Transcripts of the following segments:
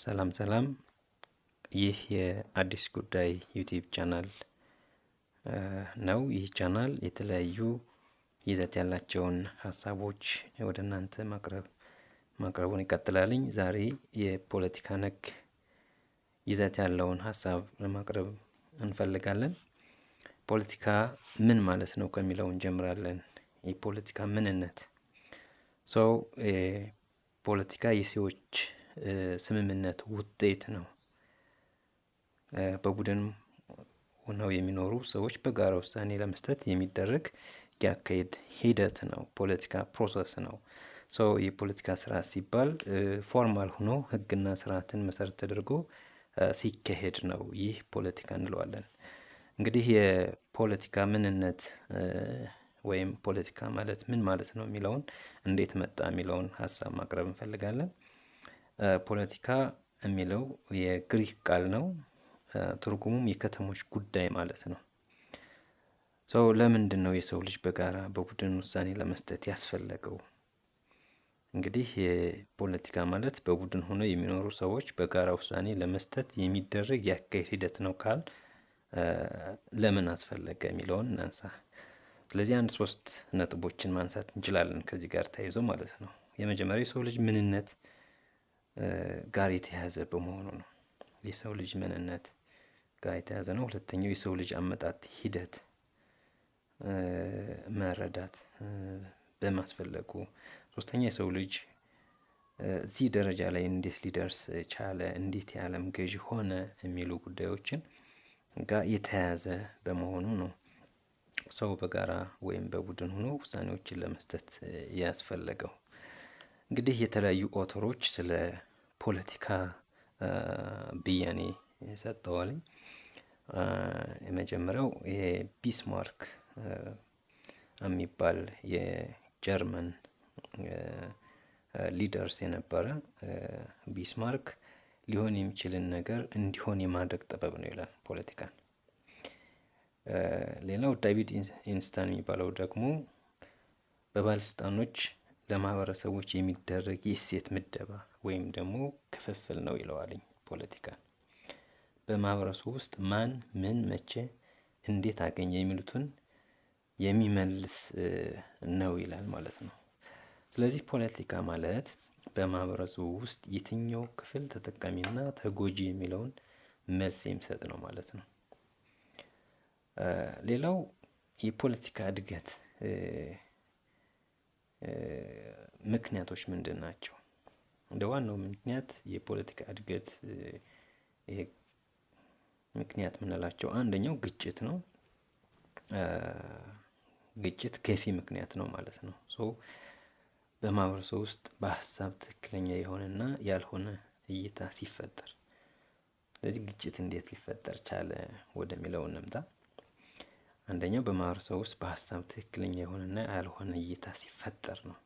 ሰላም ሰላም፣ ይህ የአዲስ ጉዳይ ዩቲዩብ ቻናል ነው። ይህ ቻናል የተለያዩ ይዘት ያላቸውን ሀሳቦች ወደ እናንተ ማቅረብ ማቅረቡን ይቀጥላልኝ። ዛሬ የፖለቲካ ነክ ይዘት ያለውን ሀሳብ ለማቅረብ እንፈልጋለን። ፖለቲካ ምን ማለት ነው ከሚለው እንጀምራለን። የፖለቲካ ምንነት ሰው ፖለቲካ የሰዎች ስምምነት ውጤት ነው። በቡድን ሆነው የሚኖሩ ሰዎች በጋራ ውሳኔ ለመስጠት የሚደረግ ያካሄድ ሂደት ነው። ፖለቲካ ፕሮሰስ ነው። ሰው የፖለቲካ ስርዓት ሲባል ፎርማል ሆኖ ህግና ስርዓትን መሰረት ተደርጎ ሲካሄድ ነው። ይህ ፖለቲካ እንለዋለን። እንግዲህ የፖለቲካ ምንነት ወይም ፖለቲካ ማለት ምን ማለት ነው የሚለውን እንዴት መጣ የሚለውን ሀሳብ ማቅረብ እንፈልጋለን። ፖለቲካ የሚለው የግሪክ ቃል ነው። ትርጉሙም የከተሞች ጉዳይ ማለት ነው። ሰው ለምንድን ነው የሰው ልጅ በጋራ በቡድን ውሳኔ ለመስጠት ያስፈለገው? እንግዲህ የፖለቲካ ማለት በቡድን ሆነው የሚኖሩ ሰዎች በጋራ ውሳኔ ለመስጠት የሚደረግ የአካሄድ ሂደት ነው ካል ለምን አስፈለገ የሚለውን እናንሳ። ስለዚህ አንድ ሶስት ነጥቦችን ማንሳት እንችላለን ከዚህ ጋር ተያይዞ ማለት ነው። የመጀመሪያው የሰው ልጅ ምንነት ጋር የተያያዘ በመሆኑ ነው። የሰው ልጅ ምንነት ጋር የተያያዘ ነው። ሁለተኛው የሰው ልጅ አመጣት ሂደት መረዳት በማስፈለጉ፣ ሶስተኛ የሰው ልጅ እዚህ ደረጃ ላይ እንዴት ሊደርስ ቻለ፣ እንዴት የዓለም ገዢ ሆነ የሚሉ ጉዳዮችን ጋር የተያያዘ በመሆኑ ነው። ሰው በጋራ ወይም በቡድን ሆኖ ውሳኔዎችን ለመስጠት ያስፈለገው እንግዲህ የተለያዩ ኦቶሮች ስለ ፖለቲካ ብያኔ ሰጠዋልኝ። የመጀመሪያው ይሄ ቢስማርክ የሚባል የጀርመን ሊደርስ የነበረ ቢስማርክ ሊሆን የሚችልን ነገር እንዲሆን የማድረግ ጥበብ ነው ይላል ፖለቲካን። ሌላው ዳቪድ ኢንስታን የሚባለው ደግሞ በባለስልጣኖች ለማህበረሰቦች የሚደረግ የእሴት ምደባ ወይም ደግሞ ክፍፍል ነው ይለዋልኝ። ፖለቲካ በማህበረሰቡ ውስጥ ማን፣ ምን፣ መቼ፣ እንዴት አገኘ የሚሉትን የሚመልስ ነው ይላል ማለት ነው። ስለዚህ ፖለቲካ ማለት በማህበረሰቡ ውስጥ የትኛው ክፍል ተጠቃሚና ተጎጂ የሚለውን መልስ የሚሰጥ ነው ማለት ነው። ሌላው የፖለቲካ እድገት ምክንያቶች ምንድን ናቸው? እንደ ዋናው ምክንያት የፖለቲካ እድገት ምክንያት የምንላቸው አንደኛው ግጭት ነው። ግጭት ገፊ ምክንያት ነው ማለት ነው። ሶ በማህበረሰብ ውስጥ በሀሳብ ትክክለኛ የሆነና ያልሆነ እይታ ሲፈጠር፣ ስለዚህ ግጭት እንዴት ሊፈጠር ቻለ ወደሚለው እንምጣ። አንደኛው በማህበረሰብ ውስጥ በሀሳብ ትክክለኛ የሆነና ያልሆነ እይታ ሲፈጠር ነው።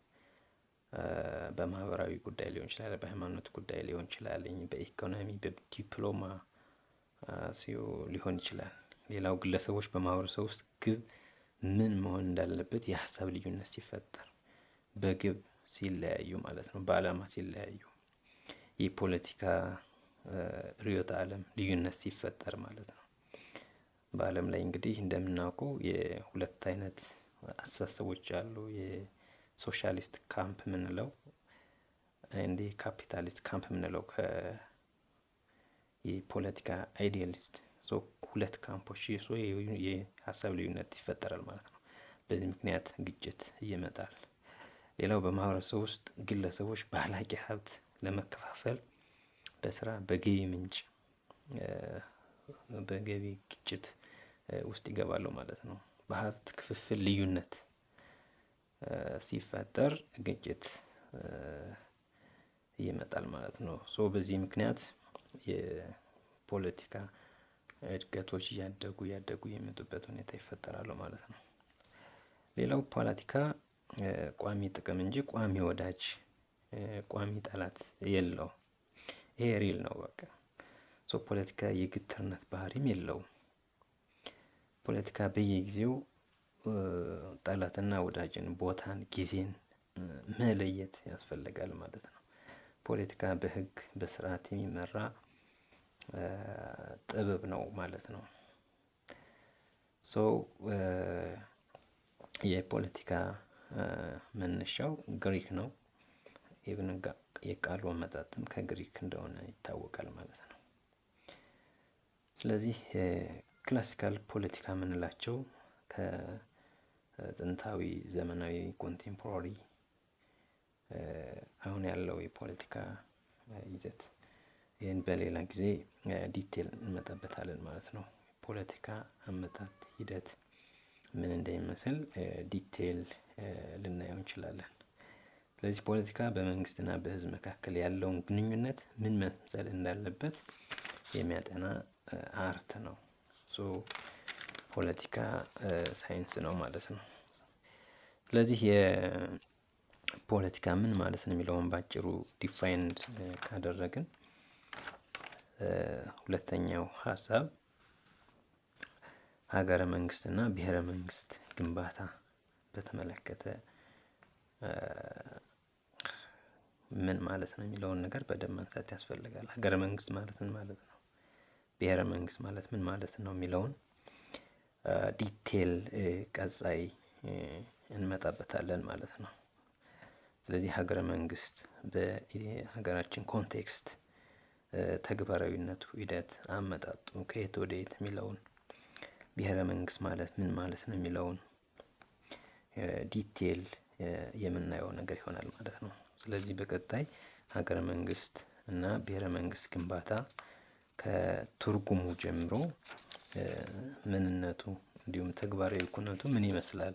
በማህበራዊ ጉዳይ ሊሆን ይችላል፣ በሃይማኖት ጉዳይ ሊሆን ይችላል፣ በኢኮኖሚ በዲፕሎማ ሊሆን ይችላል። ሌላው ግለሰቦች በማህበረሰብ ውስጥ ግብ ምን መሆን እንዳለበት የሀሳብ ልዩነት ሲፈጠር፣ በግብ ሲለያዩ ማለት ነው፣ በአላማ ሲለያዩ፣ የፖለቲካ ርዕዮተ ዓለም ልዩነት ሲፈጠር ማለት ነው። በዓለም ላይ እንግዲህ እንደምናውቀው የሁለት አይነት አስተሳሰቦች አሉ። የሶሻሊስት ካምፕ የምንለው እንዲህ ካፒታሊስት ካምፕ የምንለው የፖለቲካ አይዲያሊስት ሁለት ካምፖች የሀሳብ ልዩነት ይፈጠራል ማለት ነው። በዚህ ምክንያት ግጭት ይመጣል። ሌላው በማህበረሰብ ውስጥ ግለሰቦች በአላቂ ሀብት ለመከፋፈል በስራ በገቢ ምንጭ በገቢ ግጭት ውስጥ ይገባሉ ማለት ነው። በሀብት ክፍፍል ልዩነት ሲፈጠር ግጭት ይመጣል ማለት ነው። ሶ በዚህ ምክንያት የፖለቲካ እድገቶች እያደጉ እያደጉ የመጡበት ሁኔታ ይፈጠራሉ ማለት ነው። ሌላው ፖለቲካ ቋሚ ጥቅም እንጂ ቋሚ ወዳጅ፣ ቋሚ ጠላት የለው። ይሄ ሪል ነው በቃ ሶ ፖለቲካ የግትርነት ባህሪም የለውም። ፖለቲካ በየጊዜው ጠላትና ወዳጅን፣ ቦታን፣ ጊዜን መለየት ያስፈልጋል ማለት ነው። ፖለቲካ በህግ በስርዓት የሚመራ ጥበብ ነው ማለት ነው። ሶ የፖለቲካ መነሻው ግሪክ ነው። ኢብን የቃሉ መጣጥም ከግሪክ እንደሆነ ይታወቃል ማለት ነው። ስለዚህ ክላሲካል ፖለቲካ የምንላቸው ከጥንታዊ ዘመናዊ ኮንቴምፖራሪ አሁን ያለው የፖለቲካ ይዘት ይህን በሌላ ጊዜ ዲቴል እንመጣበታለን ማለት ነው። ፖለቲካ አመጣት ሂደት ምን እንደሚመስል ዲቴል ልናየው እንችላለን። ስለዚህ ፖለቲካ በመንግስትና በህዝብ መካከል ያለውን ግንኙነት ምን መምሰል እንዳለበት የሚያጠና አርት ነው። ፖለቲካ ሳይንስ ነው ማለት ነው። ስለዚህ የፖለቲካ ምን ማለት ነው የሚለውን ባጭሩ ዲፋይንድ ካደረግን ሁለተኛው ሀሳብ ሀገረ መንግስትና ብሔረ መንግስት ግንባታ በተመለከተ ምን ማለት ነው የሚለውን ነገር በደንብ ማንሳት ያስፈልጋል። ሀገረ መንግስት ማለት ምን ማለት ነው? ብሔረ መንግስት ማለት ምን ማለት ነው የሚለውን ዲቴል ቀጻይ እንመጣበታለን ማለት ነው። ስለዚህ ሀገረ መንግስት በሀገራችን ኮንቴክስት ተግባራዊነቱ፣ ሂደት፣ አመጣጡ ከየት ወደ የት የሚለውን ብሔረ መንግስት ማለት ምን ማለት ነው የሚለውን ዲቴል የምናየው ነገር ይሆናል ማለት ነው። ስለዚህ በቀጣይ ሀገረ መንግስት እና ብሔረ መንግስት ግንባታ ከትርጉሙ ጀምሮ ምንነቱ እንዲሁም ተግባራዊ ኩነቱ ምን ይመስላል?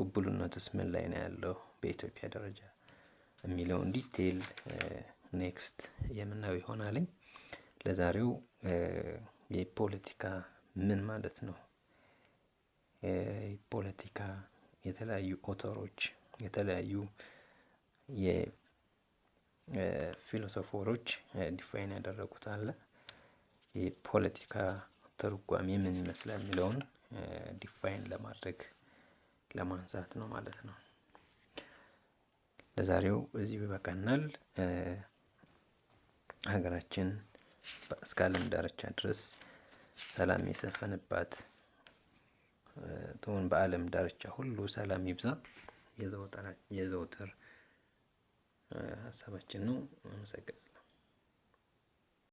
ቅቡልነትስ ምን ላይ ነው ያለው በኢትዮጵያ ደረጃ የሚለውን ዲቴይል ኔክስት የምናየው ይሆናልኝ። ለዛሬው የፖለቲካ ምን ማለት ነው፣ ፖለቲካ የተለያዩ ኦተሮች የተለያዩ ፊሎሶፎሮች ዲፋይን ያደረጉት አለ። የፖለቲካ ትርጓሜ ምን ይመስላል የሚለውን ዲፋይን ለማድረግ ለማንሳት ነው ማለት ነው። ለዛሬው እዚህ ይበቃናል። ሀገራችን እስከ ዓለም ዳርቻ ድረስ ሰላም የሰፈንባት ትሁን። በዓለም ዳርቻ ሁሉ ሰላም ይብዛ። የዘውትር? ሀሳባችን ነው። አመሰግናለሁ።